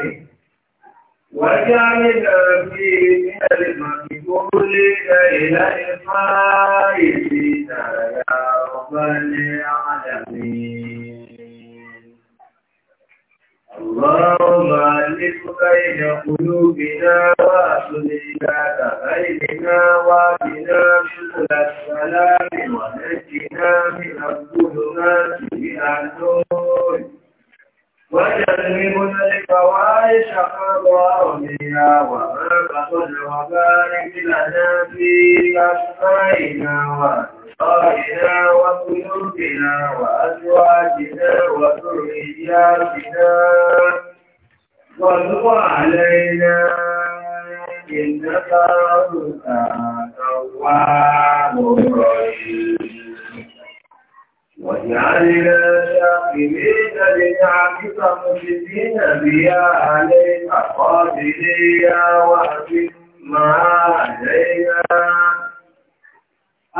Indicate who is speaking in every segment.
Speaker 1: ini. وجعلنا في كلمة كل إله فائزين يا رب العالمين اللهم ألف بين قلوبنا وأصلنا كخيرنا وأجنا سبل السلام ونجنا من الظلمات بأنور وجنبنا الفواحش ما ظهر منها وما بطن وبارك لنا في أسمائنا وأبصارنا وقلوبنا وأزواجنا وذرياتنا وتب علينا إنك أنت التواب الرحيم
Speaker 2: وجعلنا
Speaker 1: شاكرين لنعمك مشركين بها عليك قابليا قادريا ما علينا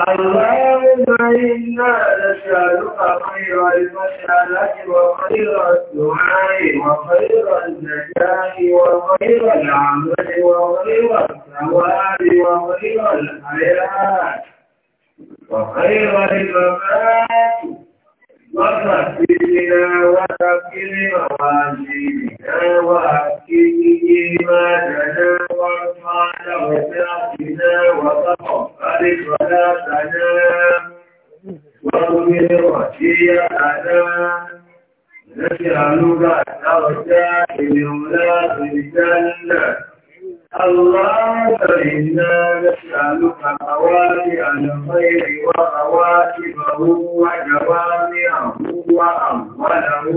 Speaker 1: اللهم إنا نسألك خير المسألة وخير الدعاء وخير النجاة وخير العمل وخير الثواب وخير الحياة وخير الممات وكفرنا وتكفر موازيننا وأكل إيماننا وارفعنا وسعتنا وتقبل صلاتنا واغفر وشيئنا نسألك الأرجاء لأولاد الجنة اللهم إنا نسألك خواتئ الخير وخواتمه وجوامعه وأوله وآخره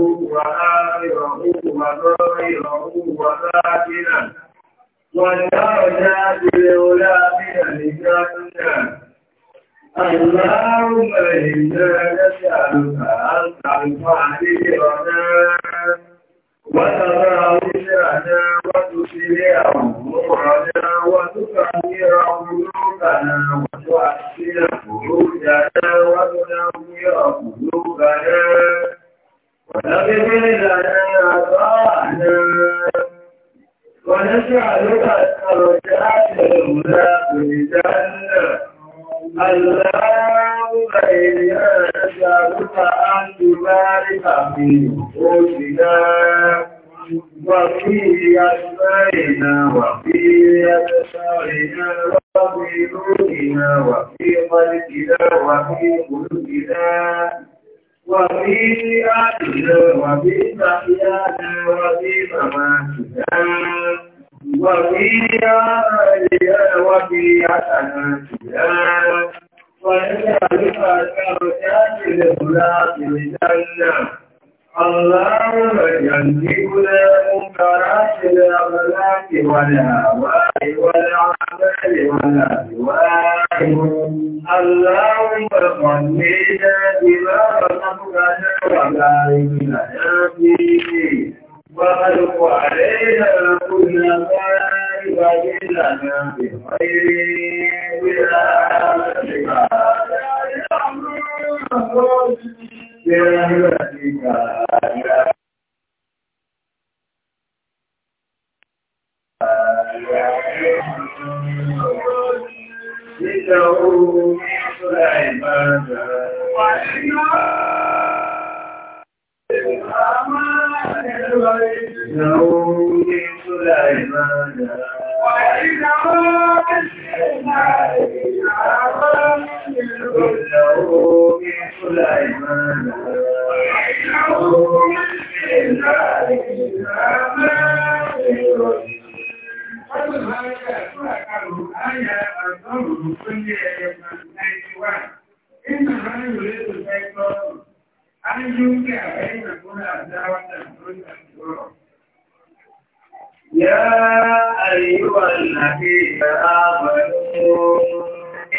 Speaker 1: وظاهره وباطنه والدرجات الأولى من الجنة اللهم إنا نسألك أن ترفع ذكرنا وتضع وزرنا كفرنا وتكبر قلوبنا وتؤثر فروجنا وتنور قلوبنا وتغفر لنا أطاعنا ونجعلك الدرجات الأولى في الجنة اللهم إنا نسألك أن تبارك في Why? In the running related back problem, I don't care if I'm going to have that and going to grow. يا أيها
Speaker 2: الذين آمنوا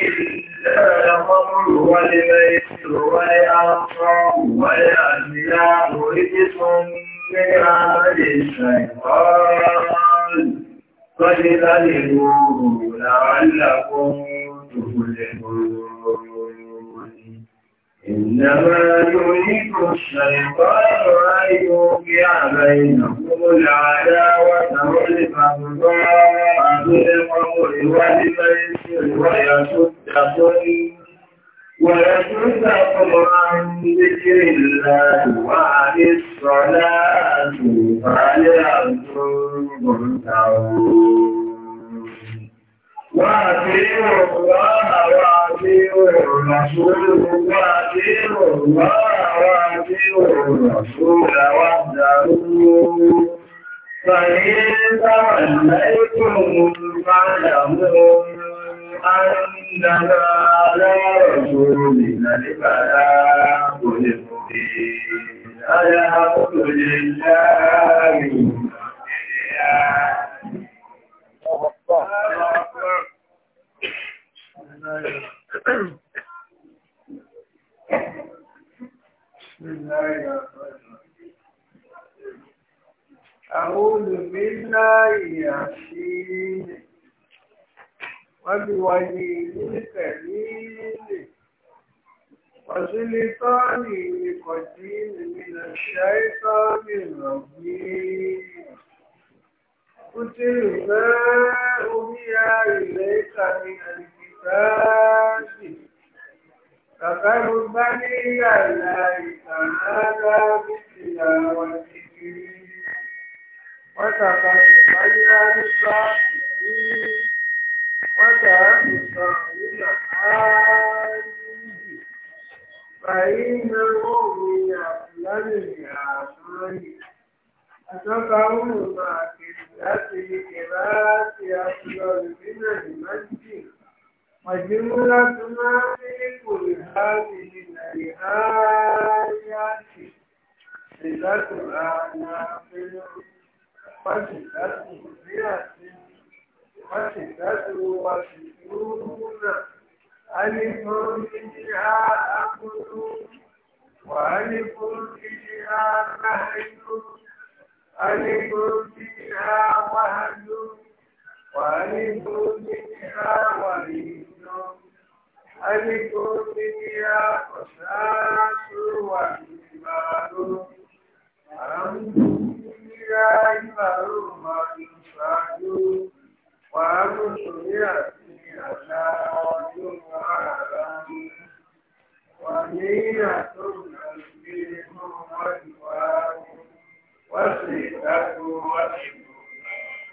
Speaker 2: إلا الخمر والميسر والأنصار والأزلام رجس من عمل الشيطان
Speaker 1: فاجتنبوه لعلكم تفلحون إنما يريد الشيطان أن يوقع بينكم العداوة والبغضاء بالقول والميسر ويصدكم ويشدكم عن ذكر الله وعن الصلاة فهل أنتم تعود الله والرسول وأطيعوا الله وأطيعوا الرسول واحذروا فإن توليتم فاعلموا أنما على رسولنا البلاغ المبين الحمد لله Thank you. أعوذ بالله العظيم وبوجهه الكريم وسلطانه القديم من الشيطان الرجيم قتل ما أوحي إليك من الكتاب الكتاب فقربني على تعالى بتلاوته وتقبل
Speaker 2: الصالحين وتعب صاحب حاله
Speaker 1: فإنه من أفضل الأعمال أتقوم مع قلة الكبار أفضل من المسجد وجملة ما في كل هذه الآيات صلة أعناق وصلة مئة وصلة وستون ألف فيها أقل وألف فيها نهي ألف فيها وهج وألف فيها وليد ألف فيها قساس وإجمال أمر فيها معلوم إنسان وأمر فيها نار وعلم ومينة نسبهم والوان وصلة وإبان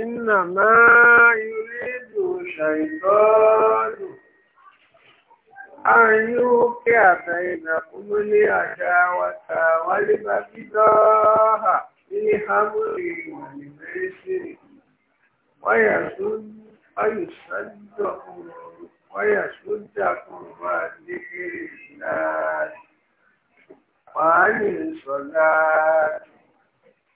Speaker 1: ebe nnam ayụrụ edutalụ anyụ nwoke ad na pụmaea dawatawalebido ha e hamoir nwaysndị kụadeerei ayụsoa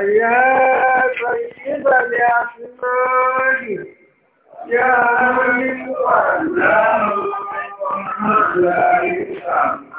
Speaker 2: يا
Speaker 1: طيب الأسماء
Speaker 2: يا من والله لا يسمى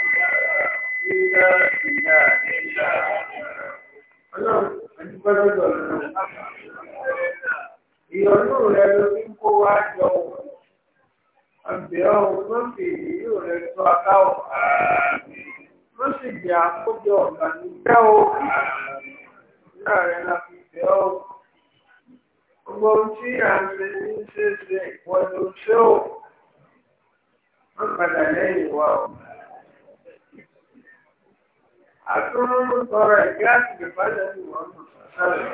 Speaker 2: Ọlọ́run,
Speaker 1: àdúgbò lọ́dọ̀ lọ́dọ̀. Ìyọ̀nù rẹ̀ ló fi ń kó wá jọ wọ̀. Àbẹ̀ ọ̀hún ló fi ìrírí rẹ̀ tó aká ọ̀. Ló sì jẹ́ àkójọ ọ̀gá ní jẹ́ o. Ìyá rẹ̀ la fi bẹ̀ ọ́. Gbogbo ohun tí à ń ṣe ní Wọ́n padà lẹ́yìn wa ọ̀gá. Àtúrú sọ̀rọ̀ ẹ̀gbẹ́ àti ìbájẹ́ ni wọ́n mọ̀ sọ́sọ́rọ̀.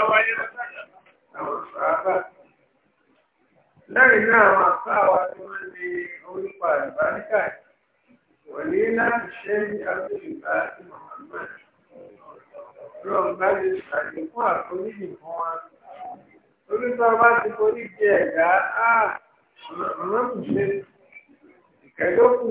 Speaker 2: Àwọn ayé lọ́sàgbà àwọn sọ̀rọ̀ lẹ́yìn náà
Speaker 1: àwọn àfáàwà tí wọ́n ní orúkọ àlùbáríkà wọ́n ní láti ṣe
Speaker 2: ní abúlùbá àti Muhammad lọ́n bá lè ṣàlékún
Speaker 1: àforíjì fún wa orúkọ bá ti forí jẹ ẹ̀dá á mọ̀mọ́ ṣe ìkẹ́dókùn.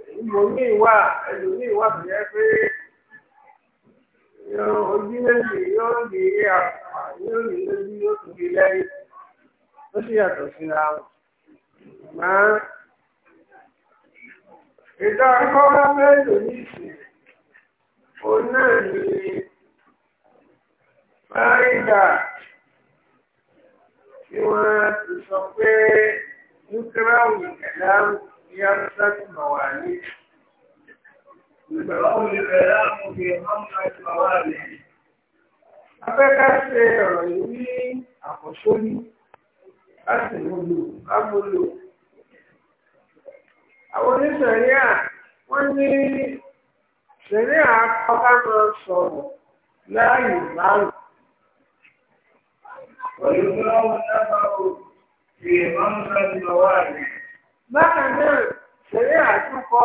Speaker 1: ìmọ̀mí ó sì yàtọ̀ síra wọn. Màá ìdá akọ́kọ́ mẹ́lòó ní ìsìn òun náà ni fárígà tí wọ́n ti sọ pé nukra òyìnbó dáhùn. قياسة مواليد يبقى الكلام في خمسة مواليد afẹ́ká ṣe ọ̀rọ̀ yìí ní àkọ́sóní láti múlò lámúlò. àwọn oníṣẹ̀ríà wọ́n ní ṣẹ̀ríà kọ́ká máa sọ̀rọ̀ láàyè márùn. pẹ̀lú bí wọ́n dábàá o ìyẹ̀mọ́ ń sọ́ni lọ́wọ́ àlẹ́. bákan náà ṣeré àtúkọ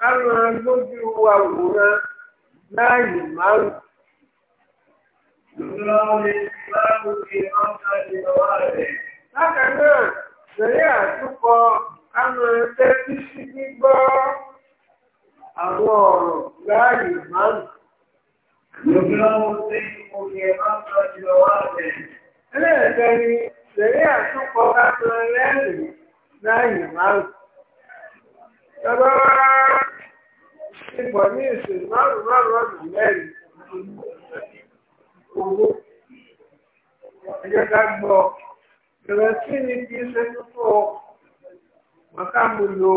Speaker 1: káwọn lójú àwòrán láàyè márùn. Bákan náà ṣeré àtúkọ káwọn tẹ́tí sí gbígbọ́ àwọn ọ̀rọ̀ láàyè márùn. Ẹlẹ́ẹ̀kẹ́ ṣeré àtúkọ káwọn lẹ́rìí. lẹ́yìn márùn. Bàbá wa ipò ní ìsìn márùn márùn ọ̀nà mẹ́rin owó. Ẹ̀jẹ̀ ká gbọ́ ìrẹ̀ sí ni kì ṣe púpọ̀ màkàmúlò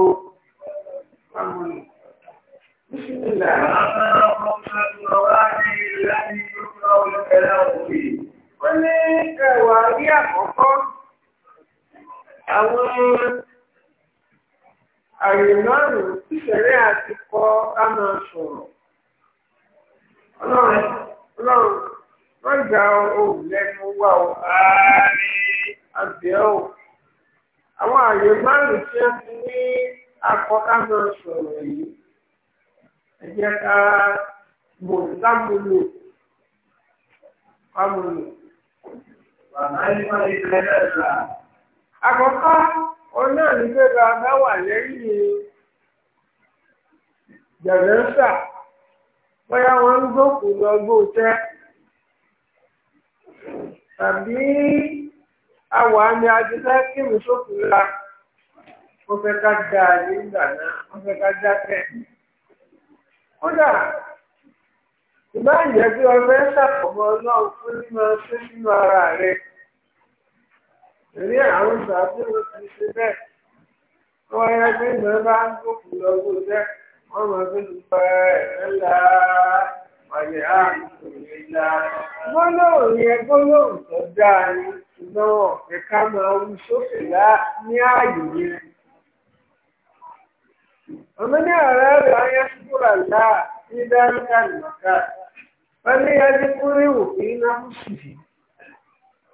Speaker 1: màmúlò.
Speaker 2: بسم الله
Speaker 1: الرحمن الرحيم الراجل الذي يقرأ الكلام فيه. Wọ́n ní ẹ̀wà rí àkọ́kọ́. àwọn àyè márùn-ún àti kọ ká máa sọ̀rọ̀ ọlọ́run wọ́n gba lẹ́nu wà ó àwọn àyè márùn-ún tí akọ ká máa sọ̀rọ̀ yìí ẹ jẹ́ ká lámúlò àkọ́kọ́ òun náà ní pé bá a bá wà lẹ́yìn bóyá wọ́n ń lọ tàbí àwọ̀ àmì ajílẹ̀ kí mi sókù la wọ́n fẹ́ ká dá ayé ìgbà náà wọ́n fẹ́ ká dákẹ́. kódà ìbáyìí ẹgbẹ́ ọgbẹ́ ṣàkóbọ̀ ọlọ́run fún mímọ sí sínú ara Èrí àwọn ìṣàfihàn ti ṣe bẹ́ẹ̀. Wọ́n yẹ pé ìgbẹ́ bá ń gòkè lọ́gbó jẹ́. Wọ́n mọ̀ pé dùpẹ́ ẹ̀lá ọ̀yẹ̀ àìsàn ìlà. Gbólóhùn yẹn gbólóhùn tó dáa ni ṣùgbọ́n ọ̀fẹ́ máa wú sókè ní ààyè yẹn.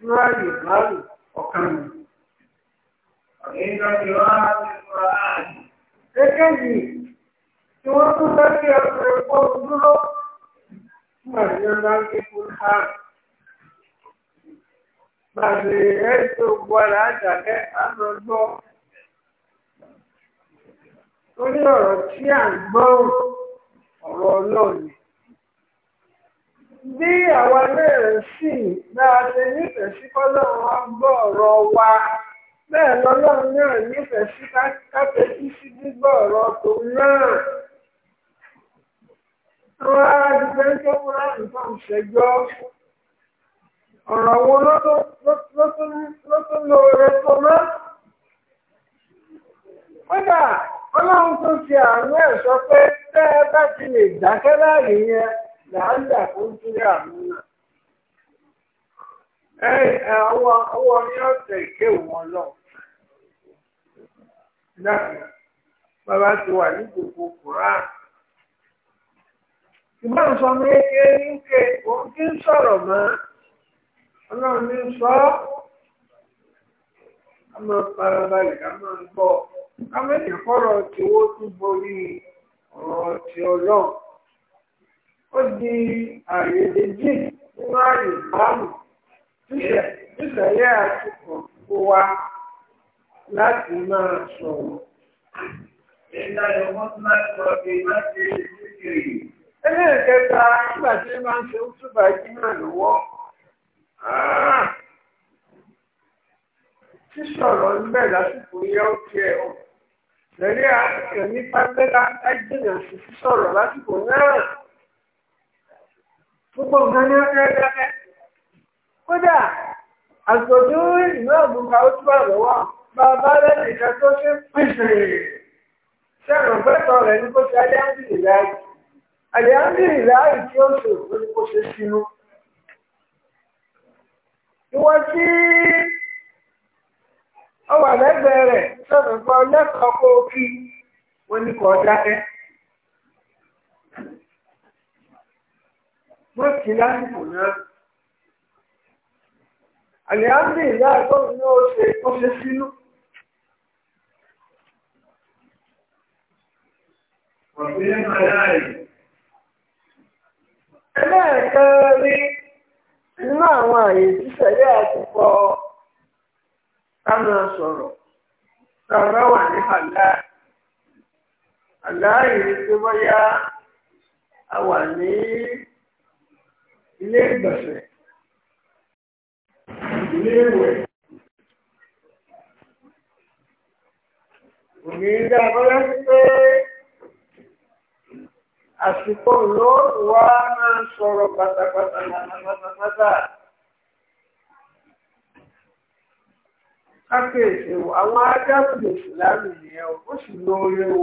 Speaker 1: Tíráyè báàlù ọ̀kan mi. Gẹ́gẹ́ yìí, tí wọ́n tún fẹ́ kí ọkùnrin pọ̀ dúró, nígbà tí wọ́n bá ń ké fún ha. Bàbá ẹ̀ tó gbọ́dọ̀ àjàkẹ́ àgbọ̀gbọ́. Torí ọ̀rọ̀ tí à ń gbọ́ ọ̀rọ̀ ọlọ́ọ̀ni. bí àwa náà sì bá a ṣe nífẹ̀ẹ́ sí kọ́lọ́run gbọ́ ọ̀rọ̀ wa bẹ́ẹ̀ náà nífẹ̀ẹ́ sí kápẹ́tì sí gbígbọ́ ọ̀rọ̀ náà. àwọn ń tó múra ìṣẹ́jọ́ ọ̀rọ̀ wo ló tún lóore tó mọ́. kódà ọlọ́run tó ti àánú ẹ̀ pé tẹ́ bá ti lè làálàkùn tún yà múnà. Ẹ ọwọ́ ní ọ̀sẹ̀ ìkéwù wọn lọ. bàbá ti wà ní gbogbo Kùrán. Ìgbà ń sọ méje ní ké, òun kí ń sọ̀rọ̀ mọ́. Ọlọ́run sọ ọ́. A máa farabalẹ̀ ká máa gbọ́. Ká méjì fọ́rọ̀ tiwó tún borí ọ̀rọ̀ ti ó di àrèdè jìn nínú àyè ìbámu nísẹ̀lẹ̀ àtúkọ̀ gbogbo wa láti máa sọ̀rọ̀. Ẹlẹ́ẹ̀kẹta nígbà tí máa ń ṣe òtúbà ìjìnà lọ́wọ́. Ah, sísọ̀rọ̀ níbẹ̀ lásìkò yẹ ó ti ọ̀. Tẹ̀lé àtúkẹ̀ ní Pátẹ́lá á sí sísọ̀rọ̀ lásìkò náà gbogbo nǹkan ní ọjọ́ ẹgbẹ́ kódà àgbòdú ìlú àgbùkà ó túbọ̀ lọ́wọ́ bàbá lẹ́yìn ìka tó ṣe pèsè sẹ́rùn fẹ́tọ̀ rẹ̀ ní kó ṣe adáńdìrì láàyè adáńdìrì láàyè tí ó ṣe òkú ní kó ṣe sínú. ìwọ tí ọ lẹ́gbẹ̀ẹ́ rẹ̀ sọ̀rọ̀ pé ọlẹ́kọ̀ọ́ kó kí wọ́n ní dákẹ́. wọ́n kì í lásìkò náà. Àlìáńdì ìyá àtọ́run ní ó ṣe ó ṣe sínú. Ẹlẹ́ẹ̀kan rí nínú àwọn àyè ìṣẹ̀lẹ̀ àtúkọ ká máa sọ̀rọ̀ tàbá wà ní àlá àlá yìí tó bọ́yá a wà ní. ilé ìgbọ̀nsẹ̀ ilé ìwẹ̀ òní ilé abọ́lá ń pé àsìkò ló wá máa sọ̀rọ̀ pátápátá pátápátá. káfíńsì àwọn adágún ìsìlámù nìyẹn ó sì lóore o.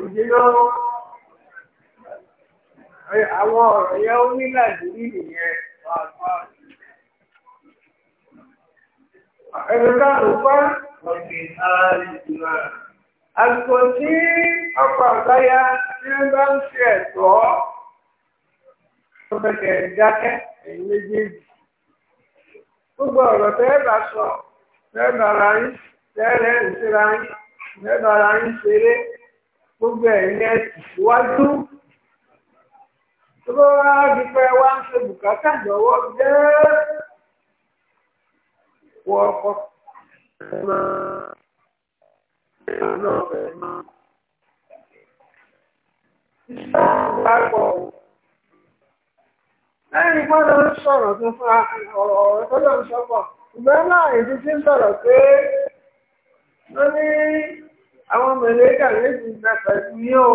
Speaker 1: ìdílọ́ àwọn ọ̀rọ̀ yẹn ó ní làdúrí nìyẹn. Ẹ̀rọ táwọn tí ọkọ̀ tí wọ́n bá ń ṣe ẹ̀tọ́, ẹ̀yìn méjèèjì. Gbogbo ọ̀rọ̀ tẹ́ẹ̀ sọ, tẹ́ẹ̀ bá yín, tẹ́ẹ̀ rẹ̀ ń ṣe gbogbo ẹ̀yin ẹ̀sì síwájú tó bá wá di pé wá ń ṣe bùkátà lọ́wọ́ jẹ́ wọ ọkọ̀ lẹ́yìn gbọ́dọ̀ ń sọ̀rọ̀ tó fa ọ̀rọ̀ tó lọ sọ́pọ̀ ìgbẹ́ náà ìdí tí ń sọ̀rọ̀ pé ló ní àwọn mẹ̀lẹ́kà méjì ta pẹ̀lú ní o.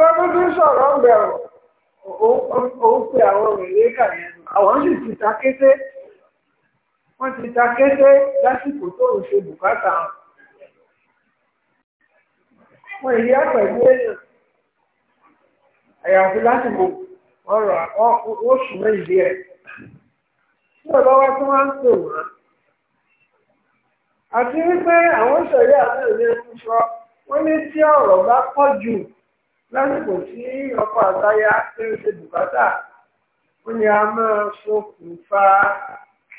Speaker 1: Ọlọ́pẹ́ tó sọ̀rọ̀ ọgbẹ̀rún, ó pè àwọn mẹ̀lẹ́kà yẹn, àwọn sì ti ta kété wọ́n ti ta kété lásìkò tó ń ṣe bùkátà wọn èyí àpẹ̀lú èèyàn àyàfi lásìkò ọ̀rọ̀ oṣù méjì ẹ̀ tí ọ̀dọ́ wa tí wọ́n ń pè wọ́n àti wípé àwọn ìṣẹ̀lẹ̀ àwọn ìlú ẹ̀kú sọ wọ́n ní tí ọ̀rọ̀ bá pọ̀ jù lásìkò tí ọkọ̀ àtayá ń ṣe bùkátà wọ́n ní a máa ṣokùnfà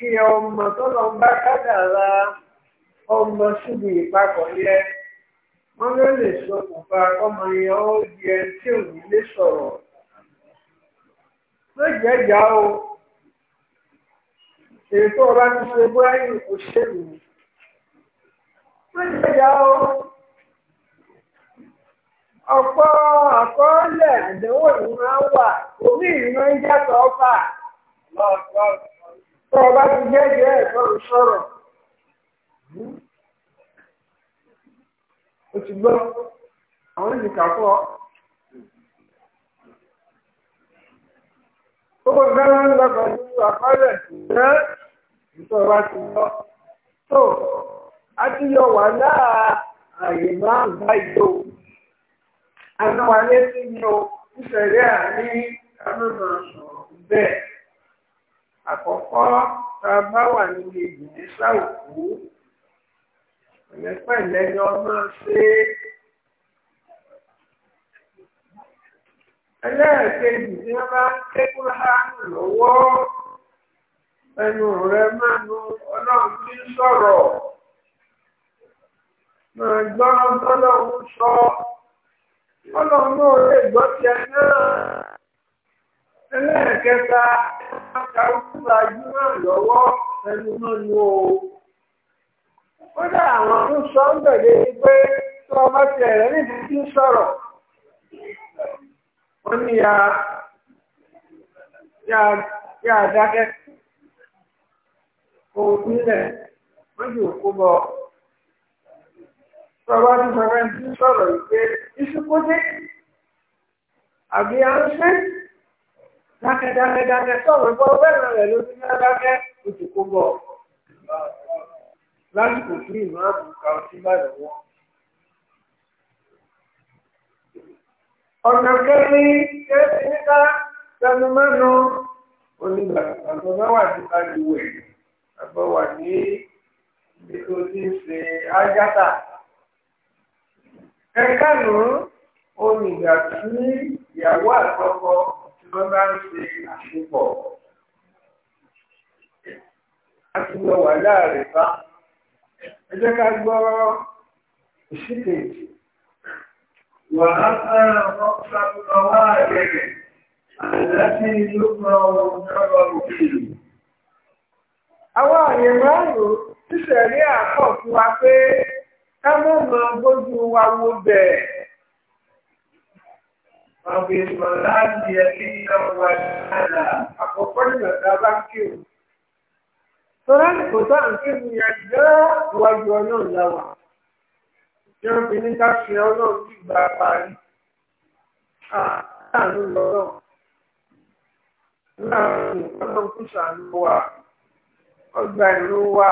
Speaker 1: kí ọmọ tó lọ bá kádàrá ọmọ síbi ìpapọ̀ yẹ wọ́n ló lè ṣokùnfà ọmọ yẹn ó di ẹni tí ò lè sọ̀rọ̀ ló jẹ́jà o ètò ọba ti ṣe búráyì kò ṣèlú ló jẹ́jà o ọ̀pọ̀ àkọọ́lẹ̀ àdéhùn ìran wà omi ìran ń jẹ́ tọ́fà lọ́ọ̀tọ́ọ̀tọ́. tó o bá ti jẹ́jẹ́ ẹ̀tọ́ ń sọ̀rọ̀ o ti gbọ́ àwọn ìdìkà fún ọ. Gbogbo ìgbàlá ń lọ pẹ̀lú àkọọ́lẹ̀ ṣùgbọ́n ìtọ́ bá ti lọ. Tó a ti yọ wà láà àyè máa ń bá ìjọ. Àná létí ni o, àní sọ̀rọ̀ bẹ́ẹ̀. àkọ́kọ́ tá a bá wà nínú ìgbìmọ̀ ṣàwùkú pẹ̀lẹ́pẹ̀lẹ́ ni ọmọ ṣe é. ẹlẹ́ẹ̀kejì tí wọ́n bá ń ké kúránù lọ́wọ́ ẹnu rẹ máa nu ọlọ́run tí ń sọ̀rọ̀ máa gbọ́ ọlọ́run sọ ọlọ́run náà lè gbọ́ tiẹ̀ náà ẹlẹ́ẹ̀kẹta kàrúkúra júmọ̀ lọ́wọ́ ẹnu náà ni o. kódà àwọn tó sọ ń bẹ̀rẹ̀ ni pé tí wọ́n bá ti ẹ̀rẹ́ níbi tí ń sọ̀rọ̀ wọ́n ní ya ya dákẹ́ kò nílẹ̀ wọ́n yóò kó bọ̀ tí wọ́n bá ti sọ̀rọ̀ ẹni ń sọ̀rọ̀ yìí pé iṣu àbí à ń dákẹ́ dákẹ́ dákẹ́ sọ̀rọ̀ ìfọ̀ bẹ́ẹ̀rẹ̀ rẹ̀ ló ti ní dákẹ́ oṣù kó bọ̀. lásìkò tí ìmáàmù kan sí bàdàn wọn. ọ̀nà kẹ́mi kẹ́mi níta tẹnu mẹ́nu onígbàgbà tó bá wà ní balùwẹ̀ àbọ̀ wà ní ibi tó ti ń ṣe ájátà. ẹ̀ka nù tí ìyàwó àtọkọ. tó bá ṣe àṣepọ̀ a ti lọ wà láàrin bá ẹ jẹ́ ká gbọ́ ìṣíkèjì. وأما مقصد القواعد التي يقرأ النظر فيه Àwọn àyè márùn-ún tíṣẹ̀rí àkọ́ fún wa pé ká mọ́ gbójú wa wo Fàbílmọ̀láàdì ẹ̀lẹ́yìn ọwọ́ ìrìnàlá àkọ́kọ́ ìgbàta bá kírù. Tọ́lá ní kò tó àǹkírù ya jẹ́ ìwájú ọlọ́run láwà. Jẹ́ òfin ní ká fi ọlọ́run sí ìgbà parí. Àánú lọ́rọ̀. Láàárín Ọgbà ìlú wà.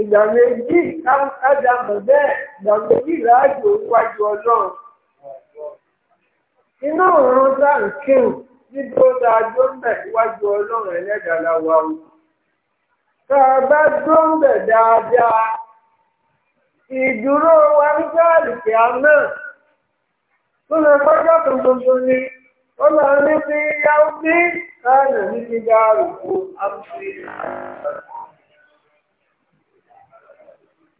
Speaker 1: ìgbà méjì kájà mọ̀ bẹ́ẹ̀ ìgbà méjì láàjò wájú ọlọ́run. iná dá nkírun dáa dó ń wájú ọlọ́run ẹlẹ́dàá la o. tá a bá dó ń dáadáa ìdúró wa ń gbá àlùkìá náà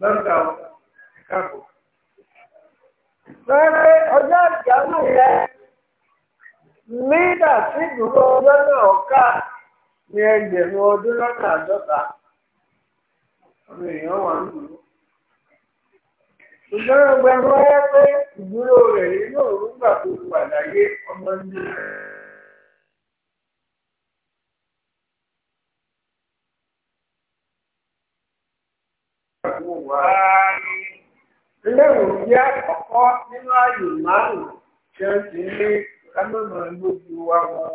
Speaker 1: lọ́dọ̀ káàbọ̀. Lọ́rẹ́ ọjọ́ ìjánu yẹn mídà sí ìdúró lọ́nà na ní ẹgbẹ̀rún ọdún lọ́nà àádọ́ta. Ọmọ èèyàn wà ń dúró. pé rẹ̀ Ilé ìwòsí àkọ́kọ́ nínú ààyè márùn-ún ṣe ń ti lé kámọ́mọ́ lójú wa wọn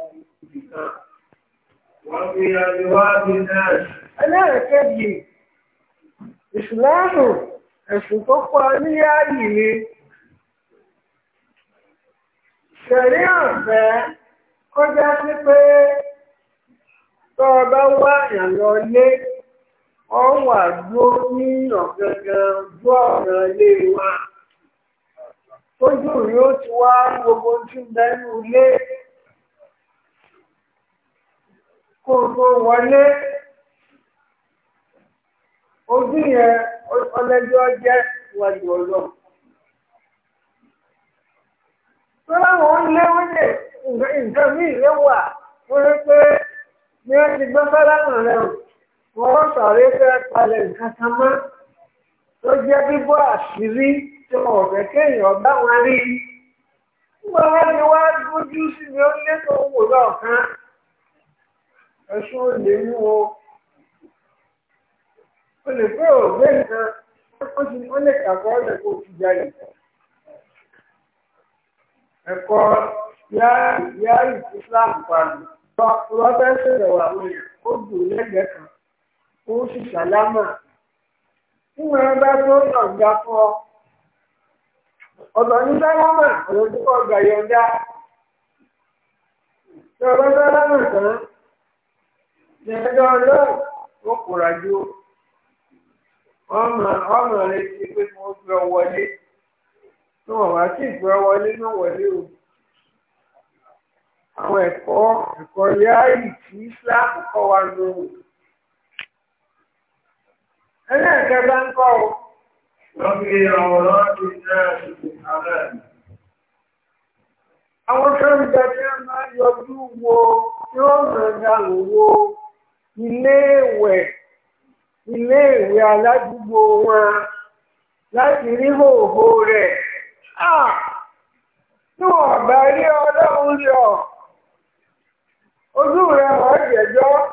Speaker 1: nìkan. Wọ́n fi ọdún wá bí náà. Ẹlẹ́ẹ̀kejì, ìsìláàmù ẹ̀sùn tó pọ̀ ní ààyè ni. Ṣẹ̀rí ọ̀fẹ́ kọjá sí pé tọ́ ọ bá wá àyàn ọ wà dúró ní ọ̀gangan ojú ọ̀nà ilé wa tójú rí ó ti wá gbogbo tí ń ilé kó tó wọlé ojú yẹn ọlẹ́jọ́ jẹ́ wájú ọlọ́run. tó láwọn ń léwé lè nǹkan míì léwà wọ́n rí pé ní wọ́n sọ̀rọ̀ fẹ́ palẹ̀ nǹkan kan mọ́ tó jẹ́ bíbọ́ àṣírí tí wọn kéèyàn bá wọn rí wọ́n wá ní wá gbójú sí ni ó lé tó wò lọ́ọ̀kan ẹ̀sùn lè mú o o lè fẹ́ ọ̀gbẹ́ nǹkan ti lè kàkọ́ kó jalè ẹ̀kọ́ ó sì sálámà níwọ̀n ẹgbẹ́ tó yọ̀ǹda ọ. ọ̀dọ̀ ní sálámà ọ̀dọ̀ tó kọ̀ gbà yọ̀ǹda. tí sálámà tán ní ẹjọ́ ọlọ́ọ̀ ó kóra ọmọ rẹ ti o. àwọn ẹ̀kọ́ ẹ̀kọ́ Islam kọ́ wa
Speaker 2: ẹlẹ́ẹ̀kẹta
Speaker 1: ń kọ́ ọ. wọ́n fi àwòrán ti àwọn kẹ́rìndà tí wọ́n máa yọjú wo tí ó rẹ̀dà wo aládùúgbò wọn láti rí hòhò rẹ̀. Tí wọ́n bá rí ọlọ́run rí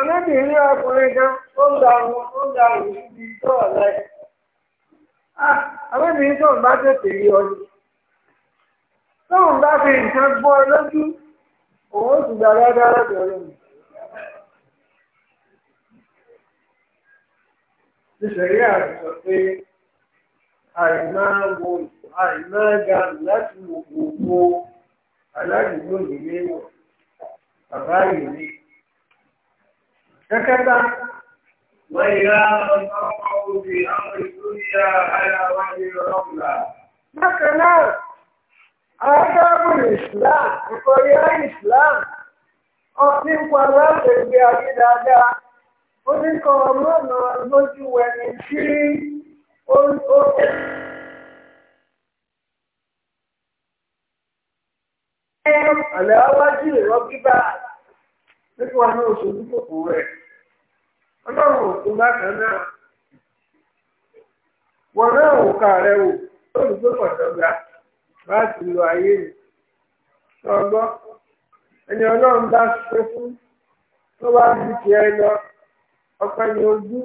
Speaker 1: Ọlọ́bìnrin ọkùnrin kan ó ń dàrú ó ń dàrú níbi tó ọ̀la ẹ̀. Ọlọ́bìnrin tó ń bá tètè rí ọdún. Tóun bá fi nǹkan gbọ́ lójú, òun ó sì gbà dáadáa lọ́dọ̀ ọlọ́run. Ìṣẹ̀rí àdùsọ pé àìmáa wo àìmáa ga láti wo gbogbo aládùúgbò nílé wọ̀. Bàbá yìí ní ẹ̀kẹta wọ́n yá ọ̀pọ̀lọpọ̀ òbí àwọn ìdúnyà aláwárí ọlọ́pàá. bákan náà àwọn dábùn islam ìkọ̀rí islam ọtí ń pa láti gbé ayé dáadáa ó ní kan ọlọ́nà lójú ẹni tí ó ń tó. Àlẹ́ àwájú ìrọ́bí bá nípa náà oṣù tó kò rẹ̀. ọlọ́run òkú bákan náà wọn náà wò ká rẹ wò olùgbé pọ̀tọ́gà láti lo ayé mi lọ́gbọ́ ẹni ọlọ́run bá ṣe fún tó bá ju tiẹ̀ lọ ọpẹ́ ni ojú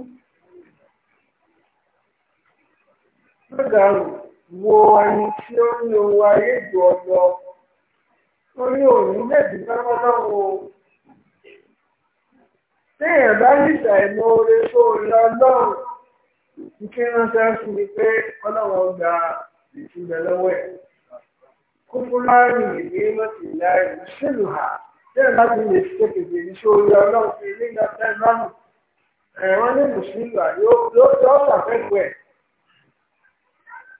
Speaker 1: lọ́gà wo ẹni tí ó ń lo ayé ìjọ téèyàn bá níta ìmọ̀ oore tó lọ lọ́rùn kí ránṣẹ́ fún mi pé ọlọ́run gba lọ́wọ́ ẹ̀. hà lè ṣe kèké ìṣòro ọlọ́run fi nígbà tẹ́ lọ́rùn ẹ̀wọ́n ní mùsùlùmí yóò tọ́ ṣàfẹ́kọ̀ọ́ ẹ̀.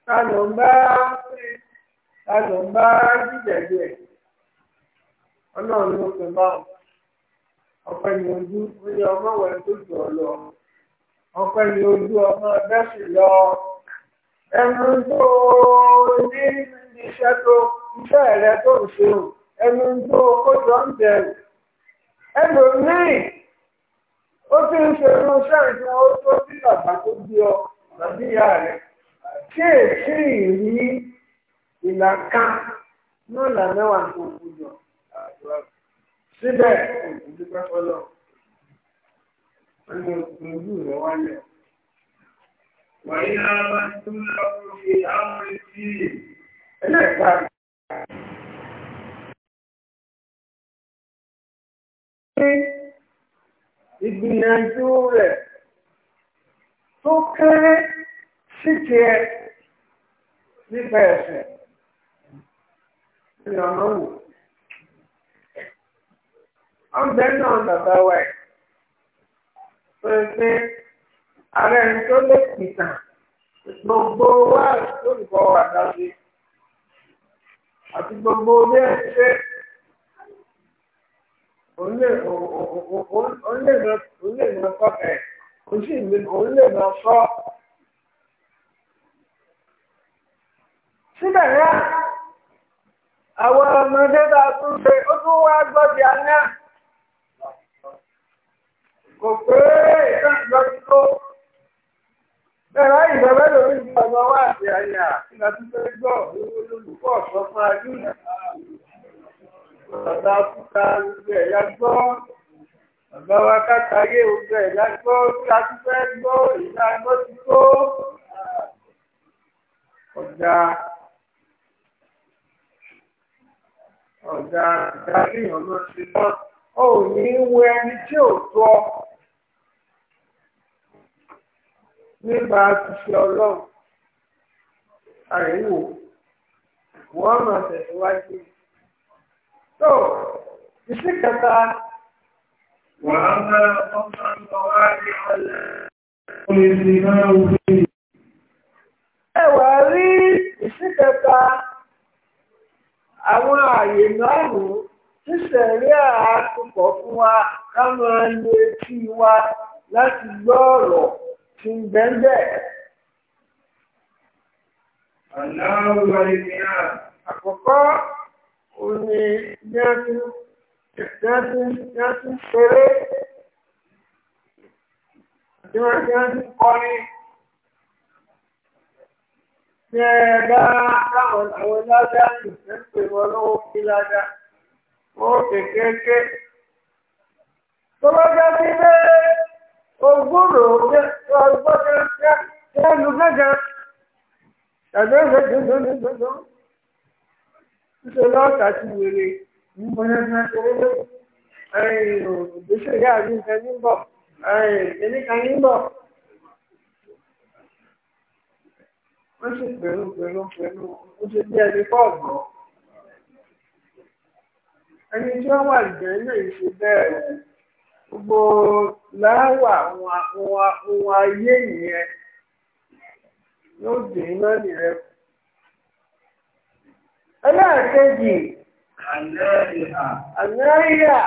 Speaker 1: ta ló ń bá ọlọ́run ló fi ọpẹ́ ni ojú oyè ọmọ wẹ̀ tó jù ọ lọ ọpẹ́ ni ojú ọmọ ẹgbẹ́ sì lọ ẹnu tó ní iṣẹ́ tó iṣẹ́ rẹ tó ń ṣe o ẹnu tó kójọ ń bẹ̀rù ẹlòmíì ó ti ń ṣe irú iṣẹ́ ìdí wọn ó tó sí bàbá tó bí ọ tàbí ìyá rẹ tí èsì ìrí ìlà kan náà là tó kú jọ síbẹ̀ òdúpẹ́ fọlọ́ wọn ni ojú rẹ wálẹ̀. wàyí náà bá tún lọ́wọ́ fi àwọn etí ẹlẹ́ẹ̀ka. ìgbìyànjú rẹ̀ tó kéré sí tiẹ̀ nípa ẹ̀sẹ̀ ní ọ̀nà àwọn bẹ́ẹ̀ náà bàbá wa ẹ̀ pé pé ara ẹni tó lè pìtàn gbogbo wa lórúkọ wa dájú àti gbogbo bí ẹ ṣe òun lè máa kọ́ ẹ̀ òun sì lè máa sọ. síbẹ̀ náà àwọn ọmọdé bá tún ṣe ó tún wá gbọ́dọ̀ àná kò pé ìdáǹdọ́jú tó bẹ́ẹ̀ ìgbà mẹ́lòó ní ìgbà ọmọ wa àti àyà nígbà tó fẹ́ gbọ́ olùkọ́ ọ̀sán fún ajúlẹ̀ bàbá fúta gbogbo ẹ̀yà gbọ́ bàbá wa kàtàyé gbogbo ẹ̀yà gbọ́ kí a tún fẹ́ gbọ́ ìgbà gbọ́ ti tó ọ̀dà ọ̀dà ìdáríyàn ló ti lọ́sùn. o ẹni tí ò tó ọ nígbà àtúnṣe ọlọ́run àríwò wọ́n máa tẹ̀síwájú. tó ìṣe kẹta. wàá ọmọ ọmọ wa ní ọ̀la. olùsí máa ń fi. ẹ wà rí ìṣe kẹta àwọn sísẹ̀rí àtúkọ̀ fún wa ká máa lo etí wa láti gbọ́ ọ̀rọ̀ tí ń bẹ́ńbẹ́. Àná ọ̀rọ̀ ìrìnà àkọ́kọ́ òní yẹn tún ṣeré tí kọrin. Ṣé bá káwọn àwọn ládàá ìfẹ́ pè wọ́n lọ́wọ́ kí ládàá? wọ́n kékeré. tó sì pẹ̀lú pẹ̀lú pẹ̀lú ó ti bí ẹni fọ́ọ̀gbọ́n. ẹni tí ó wà jẹ́ lè ṣe bẹ́ẹ̀ gbogbo láwà ohun ayé nìyẹn yóò dé iná nìyẹn. ẹlẹ́ẹ̀kejì àlẹ́yà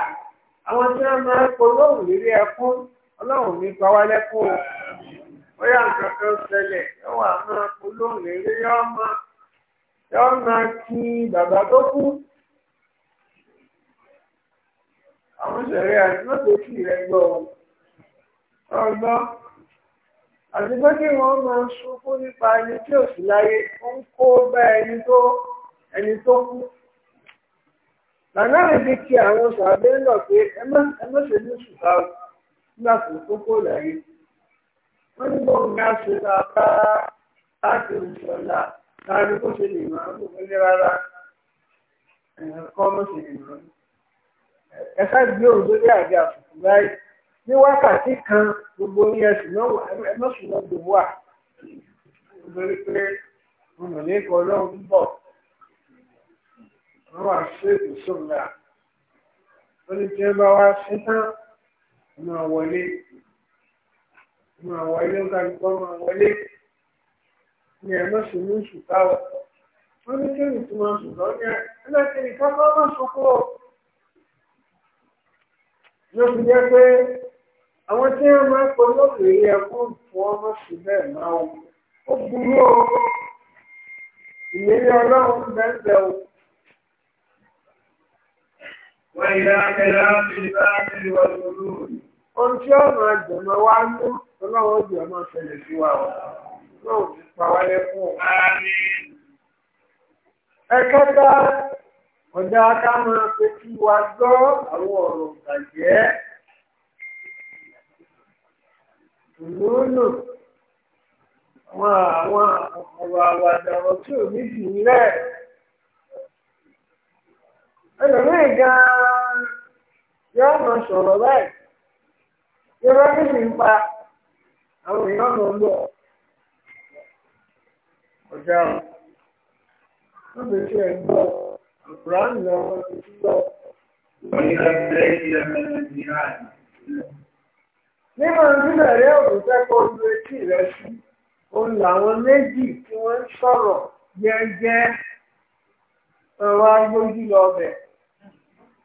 Speaker 1: àwọn tí máa ń ẹkún ọlọ́run ní pa wá lẹ́kún o bóyá nǹkan kan ṣẹlẹ̀ máa máa polówó lérí yóò máa kí bàbá tó kú. àwọn ìṣẹ̀rí àti mọ́tò kì rẹ̀ gbọ́ ọgbọ́n àti pé kí wọ́n máa sunkún nípa ẹni tí ò sí láyé ó ń kó bá ẹni tó kú. Lànàrin ti kí àwọn sàbẹ̀ lọ pé ẹ má ṣe ní ṣùgbọ́n nígbà tó tó kó láyé. Wọ́n ní bọ́ọ̀mù ní àṣírà bá láti ìṣọ̀lá láàrin kó ṣe lè máa ń bọ̀ ní rárá. Ẹ̀yàn kọ́ mọ́ ṣe lè máa ń bọ̀ ẹ ká gbé òun lórí àgbẹ̀ àfùkù láì ní wákàtí kan gbogbo ní ẹsùn náà ẹ má sùn náà gbogbo à lórí pé mo mọ̀ ní ikọ̀ ọlọ́run ń bọ̀ wọ́n wá sí ètò sóńgà wọ́n ní tí wọ́n bá wá sí tán máa wọlé máa wọlé ó kálukọ́ máa wọlé ní ẹ̀ má sùn ní sùn táwọn wọ́n ní kí ni tí wọ́n sùn lọ́ọ́ ní ẹ̀ ẹ̀ lọ́ọ́ kí ni ká bá wọ́n sùn kúrò. ló fi jẹ́ pé àwọn tí wọ́n máa ń polówó èyí ẹkún fún ọmọ sí bẹ́ẹ̀ máa ó burú o
Speaker 2: ọlọ́run bẹ́ẹ̀ o. wọ́n bá ohun tí
Speaker 1: ọ̀nà wa ń mú ọlọ́run ṣẹlẹ̀ sí wa o pa wáyé fún ọ. ọjọ́ aka máa fi wa gbọ́ àwọn ọ̀rọ̀ ìbàjẹ́ ìlúùlù àwọn àwọn ọ̀rọ̀ àwàdà ọ̀rọ̀ tí ò ẹlòmíì gan-an yóò máa sọ̀rọ̀ báyìí yóò bá pa àwọn èèyàn lọ القرآن وإذا الليل من الجيران nígbà tí bẹ̀rẹ̀ òrùsẹ́ kó lu etí rẹ̀ sí òun làwọn méjì tí wọ́n ń sọ̀rọ̀ jẹ́jẹ́ ọ̀rọ̀ agbójú lọ bẹ̀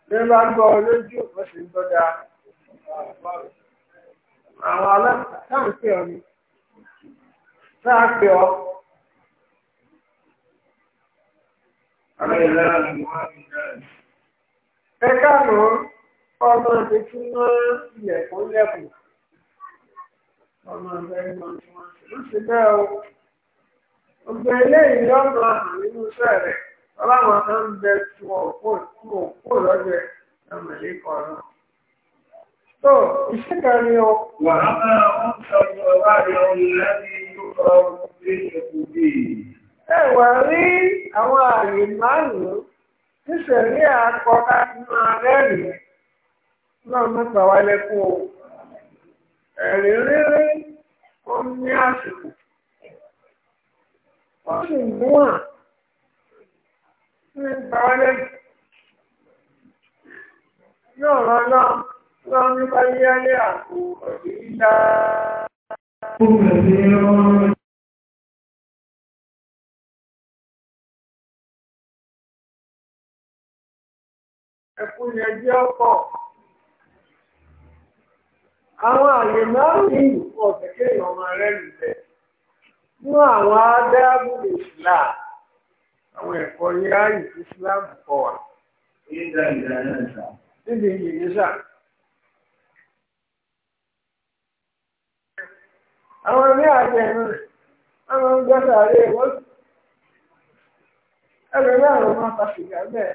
Speaker 1: bí wọ́n bá gbọ́ ọ lójú ó sì ń tọ́jà àwọn aláǹtẹ̀ ọ̀nì tá a pè ọ́. Ẹ káàmọ́ ọmọ bụ tún mọ́ ilẹ̀kùn lẹ́kùn. Ọmọ ẹgbẹ́ mọ́ tí wọ́n ṣe. Ó ṣe bẹ́ẹ̀ o. Ọgbẹ́ ilé ìyọ́nà àmì nínú iṣẹ́ rẹ̀. Ọlọ́run kan ń bẹ tu òkú lọ́jọ́ ọmọ náà. Tó ni ẹ wà rí àwọn ààyè márùn-ún níṣẹ̀lẹ̀ akọ láti máa rẹ́rìn náà nípa wa lẹ́kún o ẹ̀rín rírí ó ní àsìkò ó sì mú à ní ìbáwálẹ̀ yóò rán náà lọ́wọ́
Speaker 2: nípa yíyá àpò ọ̀dẹ̀ yíyá. yẹn jẹ́ ọkọ̀.
Speaker 1: Àwọn àyè náà ní ìlúkọ̀ ọ̀sẹ̀kẹ́ ìrọ̀mọ rẹ̀ lùbẹ̀. Nínú àwọn adáàbò àwọn ẹ̀kọ́ ní ráyì tí Ìsìláàmù kọ̀ wá. Níbi ìyìnísà. Àwọn ilé àjẹ náà, àwọn ń gbọ́dọ̀ àárẹ̀ wọ́n. Ẹlẹ́rìí àwọn máa ta bẹ́ẹ̀.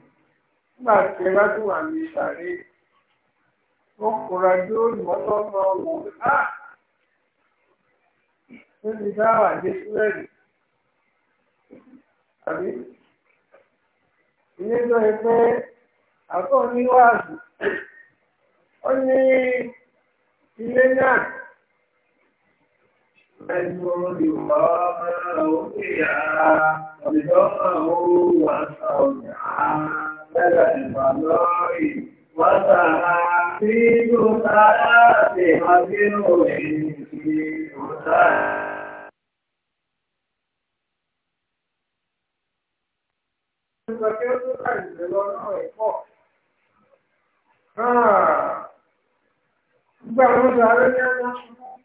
Speaker 1: nígbà tí ẹ bá tún wà ní ìsàlẹ̀ wọn kóra bí ó lù ọ́ lọ́wọ́ níbi dáwà dé sílẹ̀lì àbí ilé pé àbọ̀ ó ní ilé كذب الله وتعافيك صلاة حذر منك وتعافيك Ìgbàkẹ́ tó kàrí ìrẹ̀lọ́ náà ẹ̀kọ́. Àà, gbà wọ́n sọ ààrẹ ní ọjọ́ ṣùgbọ́n,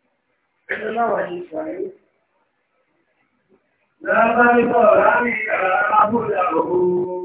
Speaker 1: ẹni láwàá ní ìṣàrí. Láàbá ní sọ̀rọ̀ láàrin ìrẹ̀lọ́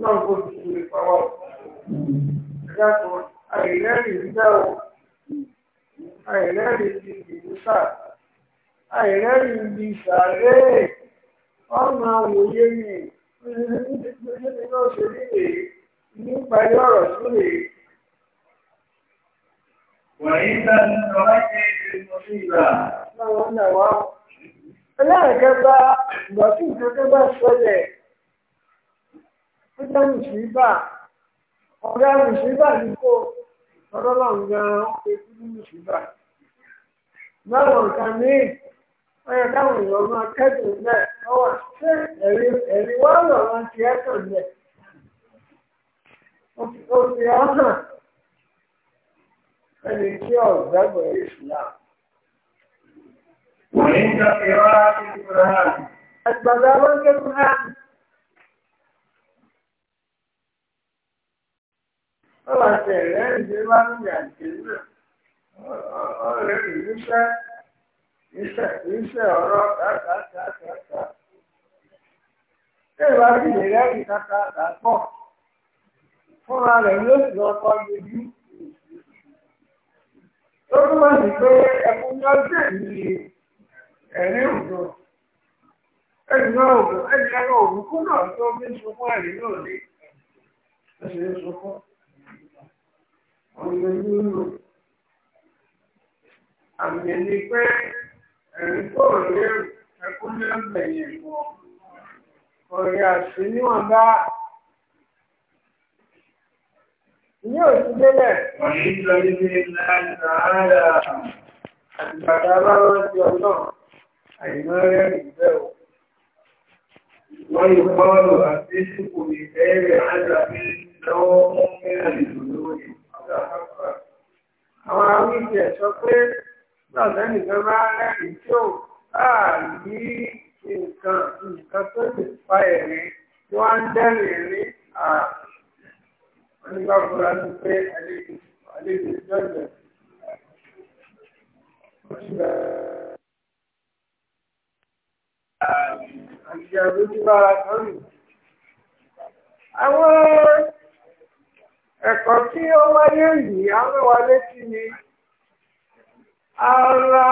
Speaker 1: náà kò sì ṣe ìpamọ́. Ìdáàbò àìlẹ́rìí dídáwò àìlẹ́rìí ti ìlúta àìlẹ́rìí ti ìsàlẹ̀ ọ̀nà òye ni nínú òṣèlú rèé nípa ilé ọ̀rọ̀ tó rèé. Wàyí ta ni ọ̀rọ̀ ṣe ìrìnà sí ìgbà? Náà wọ́n náà ó jẹ́ mùsùlùmí ọ̀rẹ́ mùsùlùmí ní kó ọlọ́run gan-an ó pe kú ní mùsùlùmí. báwọn nǹkan míì wọ́n yẹ káwọn èèyàn máa kẹ́dùn bẹ́ẹ̀ lọ́wọ́ ṣé ẹ̀rí ọ̀rọ̀ àti ẹ̀rẹ́ ìdè bá ń yà jẹ́ náà ọ̀rẹ́ ìníṣẹ́ iṣẹ́ iṣẹ́ ọ̀rọ̀ kàkàkàkà. ṣé ìwà sí ìrẹ́ rẹ̀ ló sì lọ kọ́ lójú. tó ọ̀nà nínú àmì ni pé ẹ̀rí tó rí ẹkún ní ọ̀gbẹ̀ yẹn mọ́ ọ̀rẹ́ àti níwọ̀nba ní òsì délẹ̀. ọ̀nà ìjọ níbi ìlànà ààrẹ àtìgbàdá bá rántí ọlọ́run àìmọ́ rẹ̀ níbẹ̀ o. wọ́n yóò kọ́ àti àwọn awíjẹ ẹ̀ṣọ́ pé gbàgbé nìkan bá rẹ́rìn tí ò láàyè nǹkan nǹkan tó lè fa ẹ̀rí tí wọ́n ń dẹ́rìn rí à onígbàgbọ́ra ní pé àlejò jọ̀jọ̀ kan àwọn. ẹ̀kọ́ tí ó wáyé yìí á rán wa létí ni ara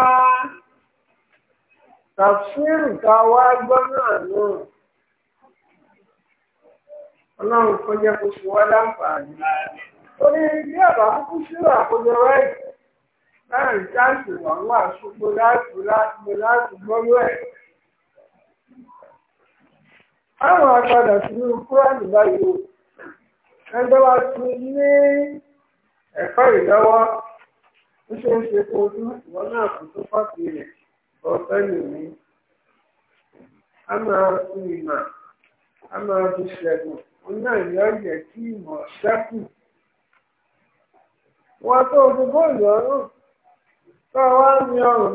Speaker 1: tàfsírù a wá gbọ́nà náà náà ọlọ́run kò jẹ́ kó ṣe wá láǹfààní orí bí àbá kúkú àkójọ rẹ̀ láàrin táàsì wà wà ṣùgbọ́ láti láti láti gbọ́rú àwọn ẹgbẹ́ ti ní ẹ̀kọ́ nke ó ṣe ń ṣe fojú ìwọ náà kò tó rẹ̀ a máa fi ìmọ̀ a máa fi ṣẹ̀gùn òun náà yọ kí ìmọ̀ ṣẹ́kù wọn tó fi ọrùn tó wá ń mi ọrùn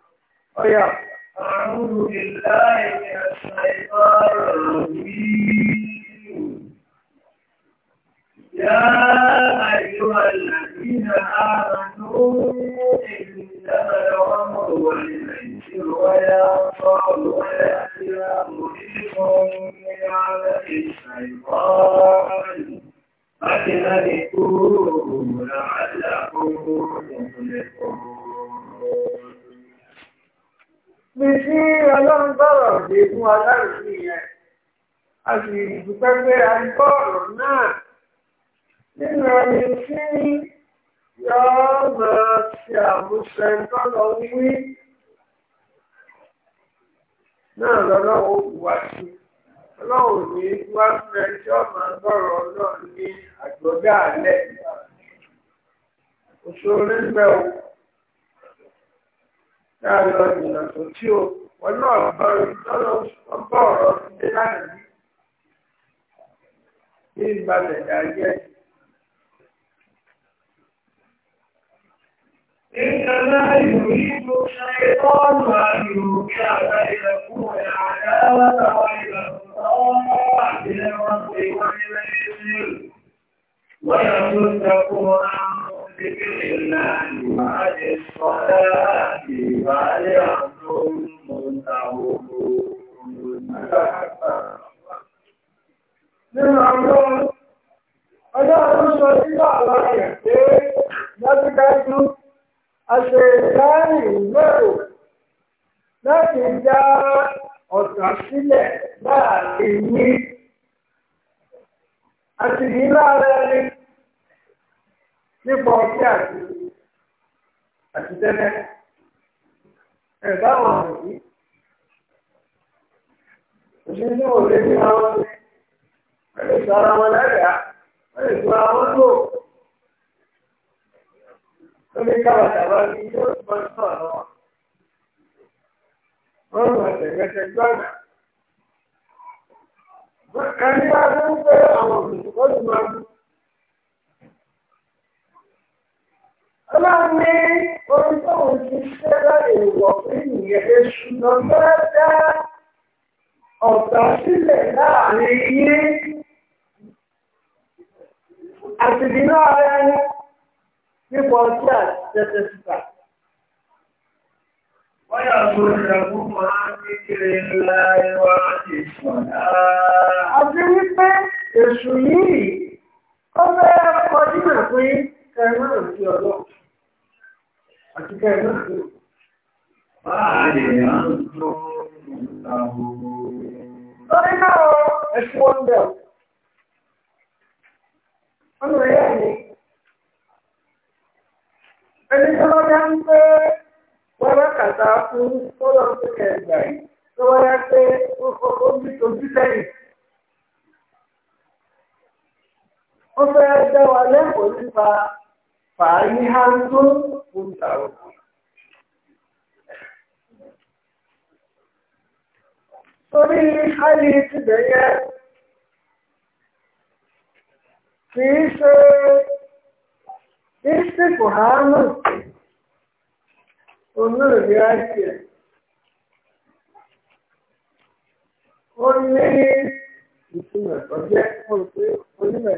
Speaker 2: أعوذ بالله من الشيطان الرجيم
Speaker 1: pẹ́ o láàrin ọdún ìlànà tí o wọn náà bá rí lọ́lọ́ ọgbà ọ̀rọ̀ ìdílé láàrin ní ìbálẹ̀
Speaker 2: dájẹ́. إنما يريد الشيطان أن يوقع بينكم العداوة
Speaker 1: والبغضاء في الأرض والميسر ويصدكم عن ذكر الله وعن
Speaker 2: الصلاة وليعظم منعهم
Speaker 1: Nínú àwọn ọjọ́ àtúnṣọ sílá àwọn ẹ̀ṣẹ́ dájúdájú, a ṣe láàrin lẹ́rò láti já ọ̀tà sílẹ̀ láàrin ní àti ní láàrin nípa ọtí àti àti tẹ́lẹ̀ ẹ̀ báwọn àyè òṣèlú ní àwọn ọmọ ẹ̀ lè sọ ara wọn lẹ́yà wọ́n lè sọ ara wọn lò bá ní wọ́n gbọ́nà. Kàní bá dé ń àwọn ọlọ́run ní orin tóun ti ṣe láyè wọ̀ pé nìyẹn èṣù lọ́gbọ́n dá ọ̀tá sílẹ̀ láàrin yín àtìdínà ara ẹni nípa ọtí àtẹ́tẹ́ síta. Wọ́n yà tó ìrẹ̀kú máa ń kékeré ńlá ẹwà ìṣọ̀dá. Àti yìí, ó fẹ́ kọjú náà pé kẹrin sí ọlọ́pàá àti ká
Speaker 2: ẹ̀rọ sí. Báàlì à ń tó ìtàwó.
Speaker 1: Lórí náà ẹ̀sùn wọn bẹ̀. Wọ́n rẹ̀ yẹ̀ ni. Ẹni tó bá dá ń pé wọ́n bá kàtà fún tó lọ sí kẹgbà yìí. Tó wọ́n yá pé ó bí ojú sẹ́yìn. Ó fẹ́ dá wa lẹ́kọ̀ọ́ nípa fàáyíhántó fúta òkú. Torí hálì ti bẹ̀yẹ kìí ṣe ìsìnkú hánú olóòrí àṣẹ. Ó ní ìtumọ̀ tó jẹ́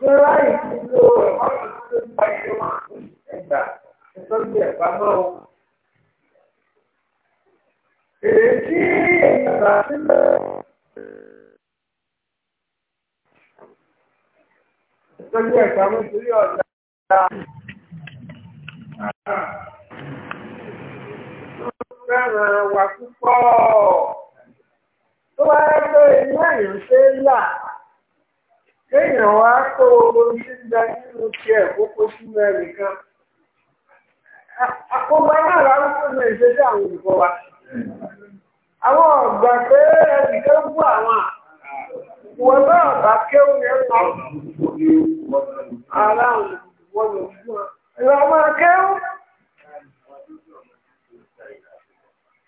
Speaker 1: láì nílò ẹ̀wọ́n tó ń bá ilé wọn fún ẹ̀dá ìtọ́jú ẹ̀bá mọ́ o. Èrè tí ìgbà sílẹ̀ ìtọ́jú ẹ̀bá mọ́ torí ọ̀dà fẹ́ràn wà púpọ̀. Tó wáyé pé ilé àyànṣe là kéèyàn wá kó owó tí ń da nínú tiẹ̀ kókó sínú ẹnìkan àkóbá náà lárúkọ náà ìṣẹ́jẹ́ àwọn olùkọ́ wa àwọn ọ̀gbà pé ẹnìkan ń bọ̀ àwọn ìwọ náà bá kéwù yẹn lọ aláwọ̀ wọ́n lọ fún wa ìwà máa kéwù.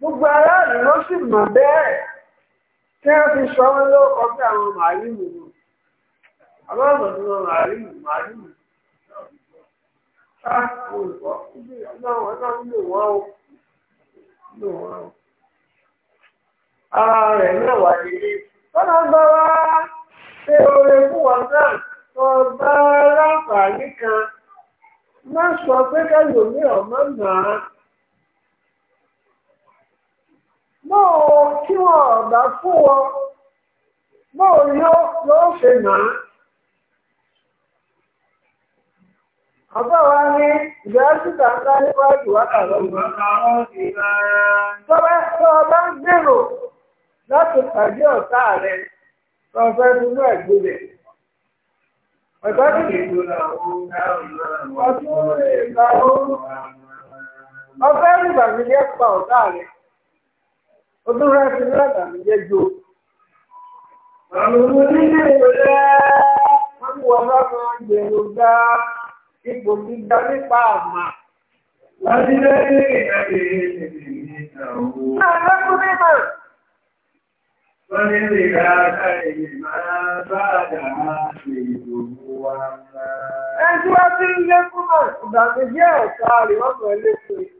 Speaker 1: gbogbo aráàlú ló sì mọ̀ bẹ́ẹ̀ kí wọ́n fi sọ wọ́n ló kọ bí àwọn màálùú nù ah, àwọn ọ̀nà tí wọ́n màálùú màálùú ká o lò wọ́n o. ara rẹ̀ náà wà nílé tọ́lá bá wá ṣe oore fún wọn náà tó bá láǹfààní kan má sọ pé kẹ́lòmíràn má nà á. bóò tí wọn ọ̀gá fún ọ bóò yóò yóò ṣe náà. Àbáwá ní ìgbésíta ńlá níwájú wákàtí. Tọ́lá tọ́lá ń gbèrò láti pàdé ọ̀tá rẹ̀ lọ fẹ́ nínú ẹ̀gbẹ́ rẹ̀. Ọ̀gá ní ìgbèrò ọ̀tún ìgbà Ọ̀fẹ́ rìbàmílẹ́ pa ọ̀tá rẹ̀ ọdún rẹ̀ ti rẹ̀ bà mí jẹ́ jo. Àwọn onílé rẹ̀ wọ́n wọ lọ́rùn gbèrò gba ipò gíga nípa àmà.
Speaker 2: Láti lẹ́yìn
Speaker 1: ìrìnàjò ìrìnàjò ìrìnàjò. Àlọ́kùnrin náà. Wọ́n ní lè ra káyìí máa bá àdàmà ṣe ìdòwò wa máa. Ẹni tí wọ́n ti ń lékún náà, ìgbàgbé jẹ́ ọ̀tá rẹ̀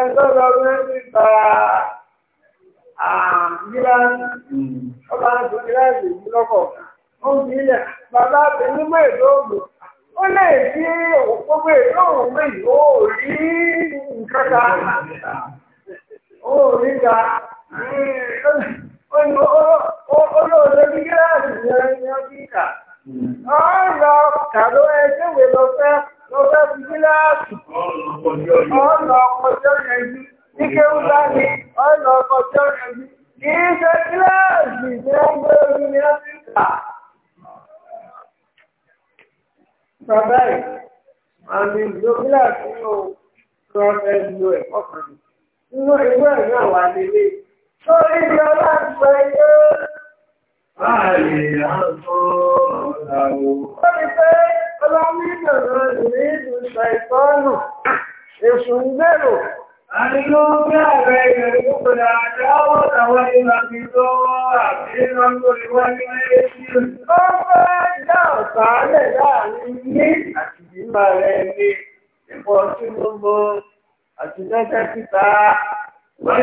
Speaker 1: ẹ̀tọ́ lọ rẹ̀ nípa àgíláàsì ọba àti gíláàsì yìí lọ́kọ̀ ó ń fi ilẹ̀ bàbá àtẹ̀lú mọ́ èdè òògùn ló fẹ́ fi gíláàsì ọ̀nà ọkọ̀jọ́ yẹnjú ní kéwúlá ní ọ̀nà ọkọ̀jọ́ yẹnjú kì í ṣe gíláàsì ní ọgbẹ́ orí ní áfíríkà. Bàbá ẹ̀ àmì ìlú gíláàsì ní o rọ ẹ̀lú ẹ̀kọ́ kan nínú ìlú ẹ̀ náà wà nílé. Sórí ibi ọlọ́pàá ẹyẹ.
Speaker 2: Báyìí,
Speaker 1: àwọn ọ̀dà wo. Ó ní pé Ọlọ́mí ìdàrà ìrìnlú ṣàìtọ́nù, èṣù ń gbèrò. Àrílú bẹ́ẹ̀rẹ̀ ìrìnlúgbòdà àjáwọ̀ àwọn ìlànà ìlọ́wọ́ àti ìrìnlọ́gbò ìwọ́n ní ẹ̀ṣù. Ó fẹ́ dá ọ̀sánlẹ̀ láàrin ní àti ìgbìmà rẹ̀ ní ìpọ̀ sí gbogbo àti tẹ́tẹ́ síta. Wọ́n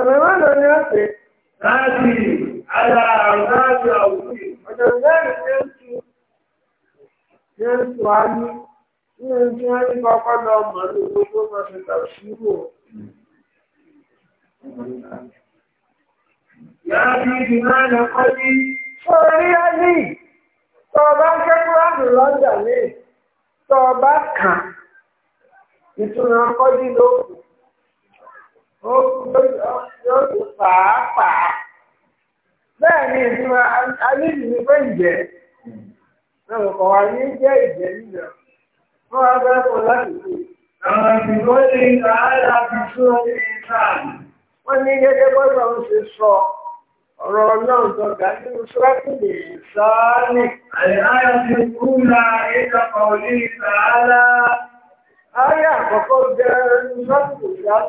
Speaker 1: ọ̀nà mọ́nà ni ó pè láti ara àrùnáàrí àwùjọ ọ̀nà mẹ́rin ni ó tu ní ó tu á ní ní ohun tí wọ́n ní kọ́kọ́ lọ mọ̀ ní gbogbo mọ̀sẹ̀tà òṣìwò. Yàrá ìdí máa ń kọ́ ní. Sọ̀rí á ní tọ́ọ̀bá kẹ́kọ̀ọ́ àmì lọ́jà ní tọ́ọ̀bá kà ìtura kọ́jú lókùn ó yóò jẹ́ ìjẹ́ nílẹ̀ wọ́n wá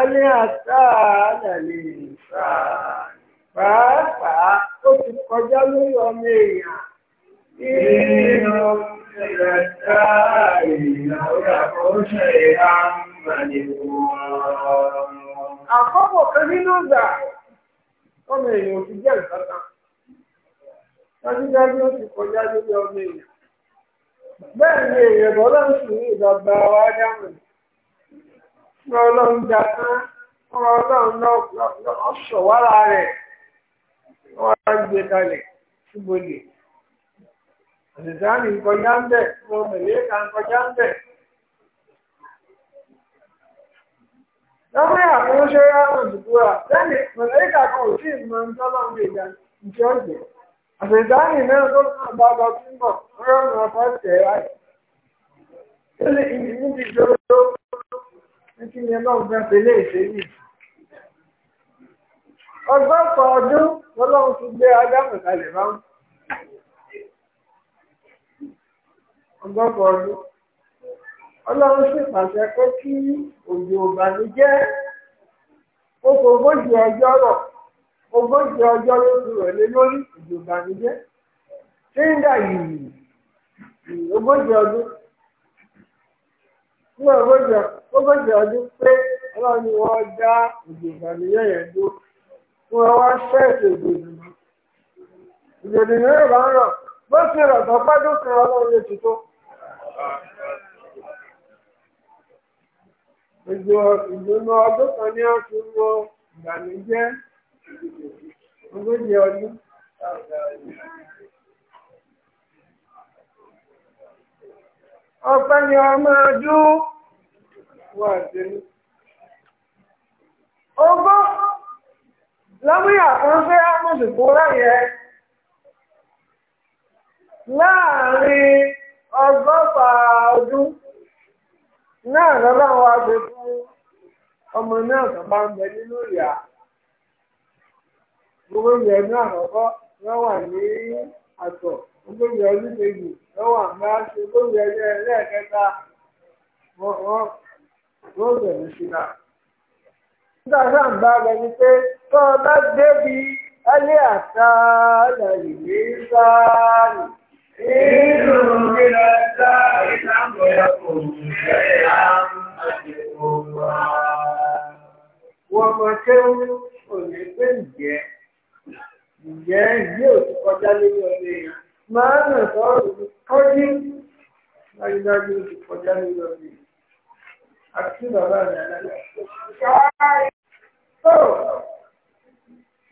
Speaker 1: alẹ́ àtàánà lè fà pàápàá ó ti kọjá lórí ọmọ èèyàn. Inú ìrẹ̀ta ìyàwó àkọ́ṣe àmàlẹ́wò. Àkọ́kọ̀ kan nínú ìgbà, ọmọ èèyàn ò ti jẹ́ ìfọ́ta. Dájúdájú ó ti kọjá lórí ọmọ èèyàn. Bẹ́ẹ̀ ni èèyàn bọ́lá ń sùn ní ìdọ̀gba wa dáhùn. na ọlọ́run jà tán ọ̀rọ̀ ọlọ́run náà ọ̀ṣọ̀ wára rẹ̀ wọ́n á gbé kalẹ̀ síbodè àṣìṣàánì kọjá ń bẹ̀ mo mẹ̀lẹ́ kan kọjá ń bẹ̀. lọ́wọ́ àwọn ṣe ráwọ̀ ìdúgbòrà tẹ́lẹ̀ mẹ̀lẹ́ kàkọ́ ò sí ìmọ̀ ń tọ́lọ́ ń gbé ga ìjọ ìgbẹ́. náà tó náà bá lọ sí ń bọ̀ ọ̀rọ̀ mi ọkọ̀ tẹ̀ ẹ́ níbi ìjọba títí ni ọlọ́run bá fi lé ìṣèlú. ọgọ́fà ọdún lọ́lọ́run ti gbé ádámù kalẹ̀ máa ń. ọgọ́fà ọdún ọlọ́run sì pàṣẹ pé kí òjò ìbànújẹ́ oko ogójì ọjọ́ rọ̀ ogójì ọjọ́ ló ti rọ̀ lé lórí òjò ìbànújẹ́ ṣé ń dà yìí ogójì ọdún. ní ogójì ọdún pé ọlọ́run ni wọ́n dá òjò ìbànújẹ́ yẹn dúró fún wá ṣẹ́ẹ̀sì òjò ìdùnnú òjò ìdùnnú yóò bá ń rọ̀ bó ti rọ̀ tó ọlọ́run lè ti tó. ọdún kan ọpẹ́ ni ọmọ ọdún wà dínú. ogún lọ́múyà kan fẹ́ ámùsùkú láyẹ láàrin ọgọ́fà ọdún náà lọ́lọ́wọ́ abẹ fún ọmọ náà tó bá ń bẹ nínú ìyá gbogbo ìyẹn náà lọ́kọ́ wọ́n wà ní àtọ̀ olóyè ọdún lọ́wọ́ àgbà ṣe olóyè ẹyẹ ẹlẹ́ẹ̀kẹta wọ́n bẹ̀rẹ̀ síra. nígbà náà ń bá rẹ ni pé tó o bá débi ẹlẹ́ àtàlà ìwé sáàlì. inú mi lọ sá ìlànà ẹ̀kọ́ ìṣẹ̀lẹ̀
Speaker 2: àmàlẹ́kọ̀ọ́ wa.
Speaker 1: wọ́n mọ̀ ṣé òní pé ǹjẹ́ ǹjẹ́ yóò ti kọjá lórí ọdún yẹn. máa nà sọ́rọ̀ kọ́jú dájúdájú ti kọjá lílọ na àti bàbá mi àlàyé.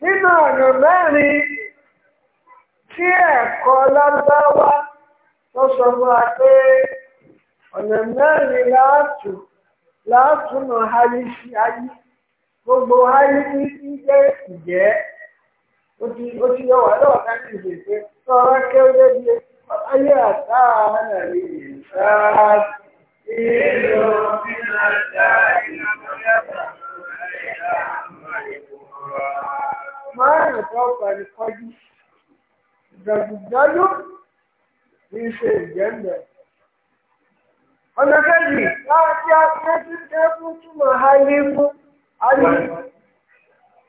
Speaker 1: nínú ọ̀nà mẹ́rin tí ẹ̀kọ́ lábáwá wọ́n sọ fún wa pé ọ̀nà mẹ́rin sí gbogbo ní ojú ojú yọ wà lọ́wọ́ káàkiri ìgbè pé tọ́ra kẹ́wọ́lẹ́ bí ayé àtà àmàlà lè yè sáà sí ìlú
Speaker 2: ìlà sáà ìlà mọ́lẹ́bà
Speaker 1: márùn tó pẹ̀lú kọjú ìdàgbùdájú ní ṣe ìjẹ́ǹdẹ̀. ọ̀nà kejì láti akẹ́kẹ́ fún túmọ̀ ayé fún ayé.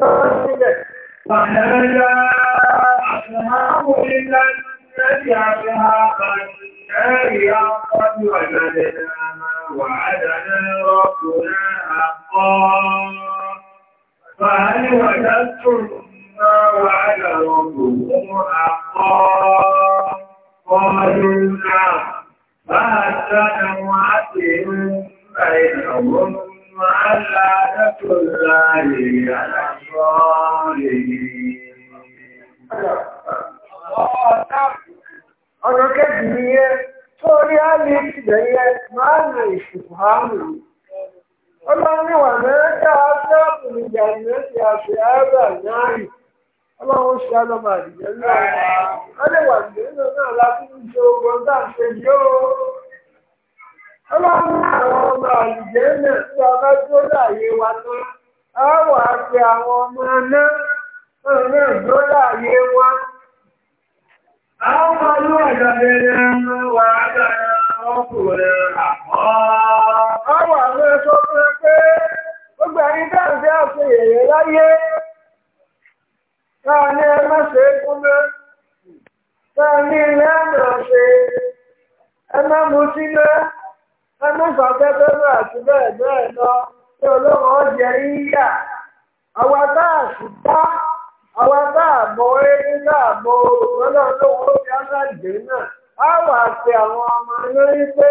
Speaker 1: فنادى أصحاب النار النار قد وجدنا ما وعدنا ربنا حقا فهل وجدتم ما وعد ربكم حقا قالوا نعم فأتنا وعدهم بينهم وعلى الله على ọ̀nà kejì ni yẹ tó rí á lè tìlẹ̀ yẹ máa nà ìṣùkú hánù ó lọ níwà mẹ́ta ábúráàmù ìjà mẹ́ta àṣẹ ábà náà rí ọlọ́run ṣe alọ́mọ àdìjẹ́ náà ó lè wà nínú náà láti ń ṣe ogun tá à a wà àwọn ọmọ náà ọ̀nà ìgbọ́lá ayé wọn. Àwọn ọmọ ló wà ágbàrá ọkùnrin àpọ̀. A wà mọ́ fún ẹ pé ó gbẹ̀rí dáǹdé láyé. Táà ní ẹ má ṣe Táà ní ṣe ẹ má mú sílẹ̀, ẹ má bẹ́ẹ̀ bẹ́ẹ̀ lọ. ọlọ́rọ̀ olóró ọ̀jẹ̀ yà àwa tá a a mọ eégún tá mọ òṣèlú lọ́wọ́ náà á wà pé àwọn ọmọ lórí pé.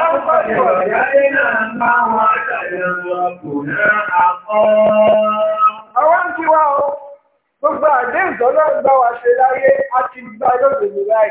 Speaker 1: Akọ́jú ọ̀jáde náà máa wá ṣàyẹ̀wò ń tiwa gbogbo àdéhùn tọ́lọ́ ń ṣe láyé, ti láì.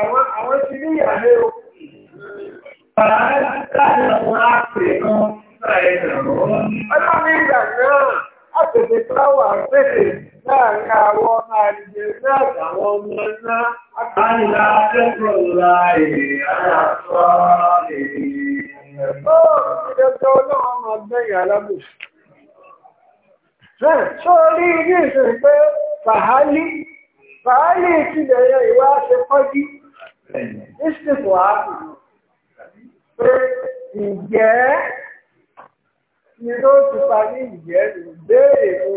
Speaker 1: àwọn ti ní ìyàwó Bàbá láti àwọn àpè kan Ọjọ́ ní ìgbà náà, a tètè táwà pèsè láàrin àwọn àìjẹ náà àwọn ọmọ náà. Àìlà akẹ́kọ̀ọ́ la èrè aláàfọ́ èrè. Ó ìdẹ́tọ́ ọlọ́run máa gbẹ̀yìn alábòsí. Bẹ́ẹ̀ sórí ní ìsìn pé fàhálí, fàhálí ìtìlẹ̀ ìwá ṣe pọ́jú ìsìnkú ààbò pé ǹjẹ́ ni ló ti parí ìjẹ́ ìbéèrè o.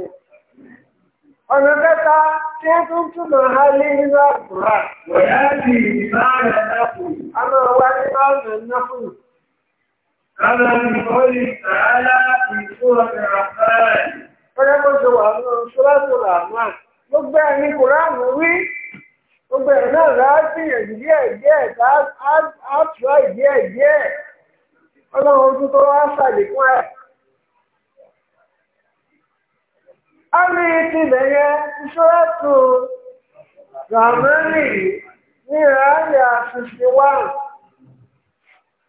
Speaker 1: ọ̀nà mẹ́ta tí ó tún túnmọ̀ á lé nínú àkùrà. ọ̀yá sì máa ń rẹ̀ náfùn. a máa wá ní máa ń rẹ̀ náfùn. Kọ́lá ni ó lè tààlá ìṣúra ìrànlọ́rẹ̀. Ó yẹ kó ṣe wà nínú ṣúlá tó rà náà. Gbogbo ẹni Kùránù wí. gbogbo naa náà láá gbìyànjú díẹ̀ díẹ̀ á tùrọ̀ díẹ̀ díẹ̀ ọlọ́run ojú tó a ní tilẹ̀ yẹn ìṣòro tó ràmẹ́rì ní ìrànlẹ̀ àṣìṣe wà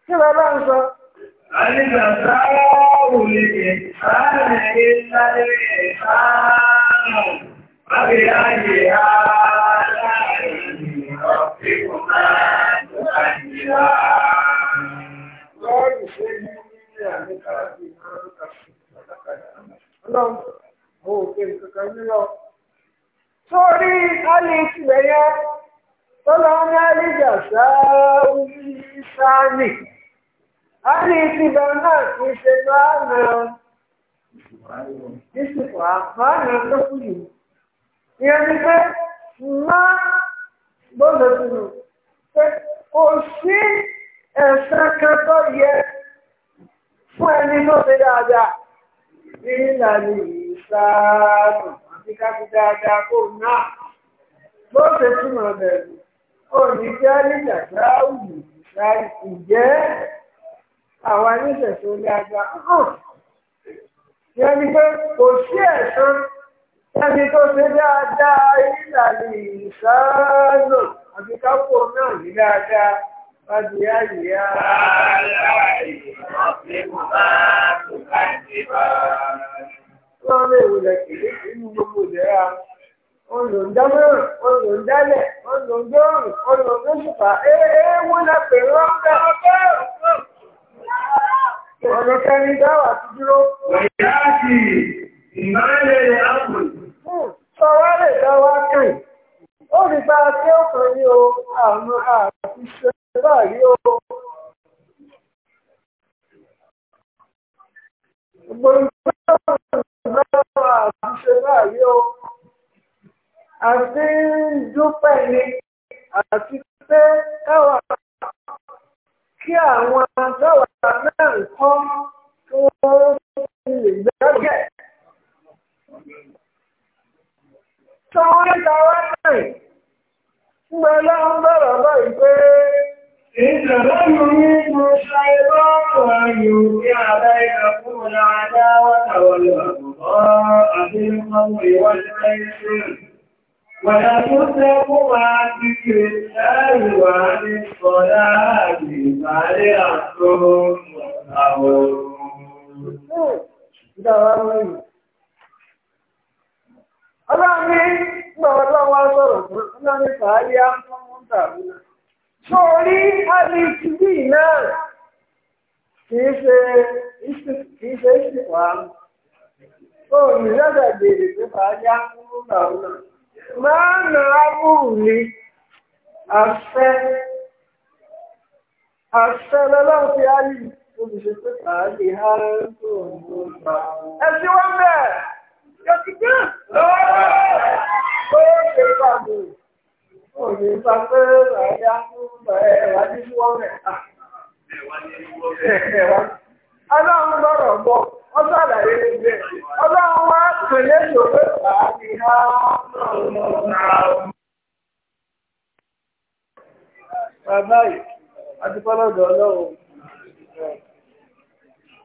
Speaker 1: kí bàbá ń sọ. Àníjà sáà wù lè sáà lè Lọ́ọ̀rù ṣe ní ilé àmìkáàdì máa ń kàfẹ́ pàtàkàdà. Ọlọ́run, mo ò pè kankan nílọ. Sórí Alice Bẹ̀yẹ, tọ́lọ ní Alíjà sááwú sáàmì. Alice Bẹ̀rẹ̀ náà kì í ṣe máa nà ìsìnkú àmàlà tó kù yìí. Ìyẹn ni pé, máa gbọ́dọ̀ tìlù pé kò sí ẹ̀sán kan tó yẹ fún ẹni tó ṣe dáadáa nílànà ìsáàlù àti káfí dáadáa kò náà bó ṣe túmọ̀ bẹ̀rù òníjẹ́ nígbàgbà òwú ìsáàlù ìjẹ́ àwọn aníṣẹ̀ṣẹ̀ oníagbá hàn yẹn ni pé kò sí ẹ̀sán ẹni tó ṣe dáadáa nílànà ìsáàlù àbí kápò náà ní dáadáa láti yá ìyá. Bàbá
Speaker 2: ìwọ̀n tí mo máa tó láti bá.
Speaker 1: Wọ́n lè wulẹ̀ kìlí nínú gbogbo ìdẹ́ra. Wọ́n lò ń dámọ̀ràn, wọ́n lò ń dálẹ̀, wọ́n lò ń dọ́rùn, wọ́n lò ń gbóṣùpá. Ẹ ẹ wọ́n la pè wọ́n
Speaker 2: bẹ́ẹ̀
Speaker 1: Ọ̀nà kẹrin dáwà ti dúró. Wẹ̀yá sí ìmọ̀lẹ̀ àpò. Hmm, sọ wá lè dá wá kàn ó rí bá akẹ́ ọ̀kan ní o àrùn àti ṣe báyìí o. gbogbo ìgbà àwọn àti dúpẹ́ ni àti pé káwa kí àwọn táwa náà ń kọ́ kí wọ́n lè gbẹ́gẹ́. Sọ ń ta náà. Mẹ́lá ń bẹ̀rẹ̀ báyìí pé ìtàlọ́nù ní mo ṣàìbọ́ ọ̀yọ̀ kí àdá ìgbà fún ọ̀nà àdá wátàwọlẹ̀ àbùbọ́ àbí ọmọ ìwọ́n Wàdà tó tẹ́kún wá ti kèrè ṣáàrì wà ní ọ̀dá àti ìbàrí àtọ́ àwọn ọmọ. Hmm. Ìdára mẹ́rin ọlọ́run ní gbọ́ ọlọ́wọ́ sọ̀rọ̀ fún ọlọ́run fàálí ápọ́mọ́tà wúlò sórí alìtìbí náà kìí ṣe kìí ṣe ìsìnkú òní lọ́dọ̀ gbèrè pé fàálí ápọ́mọ́tà wúlò máa ń nà ábùrù ní àfẹ́ àṣẹ ẹ ti wọ́n bẹ́ẹ̀. jọ́sígbà lọ́ọ̀rẹ́ ìpàdé òní Bàbá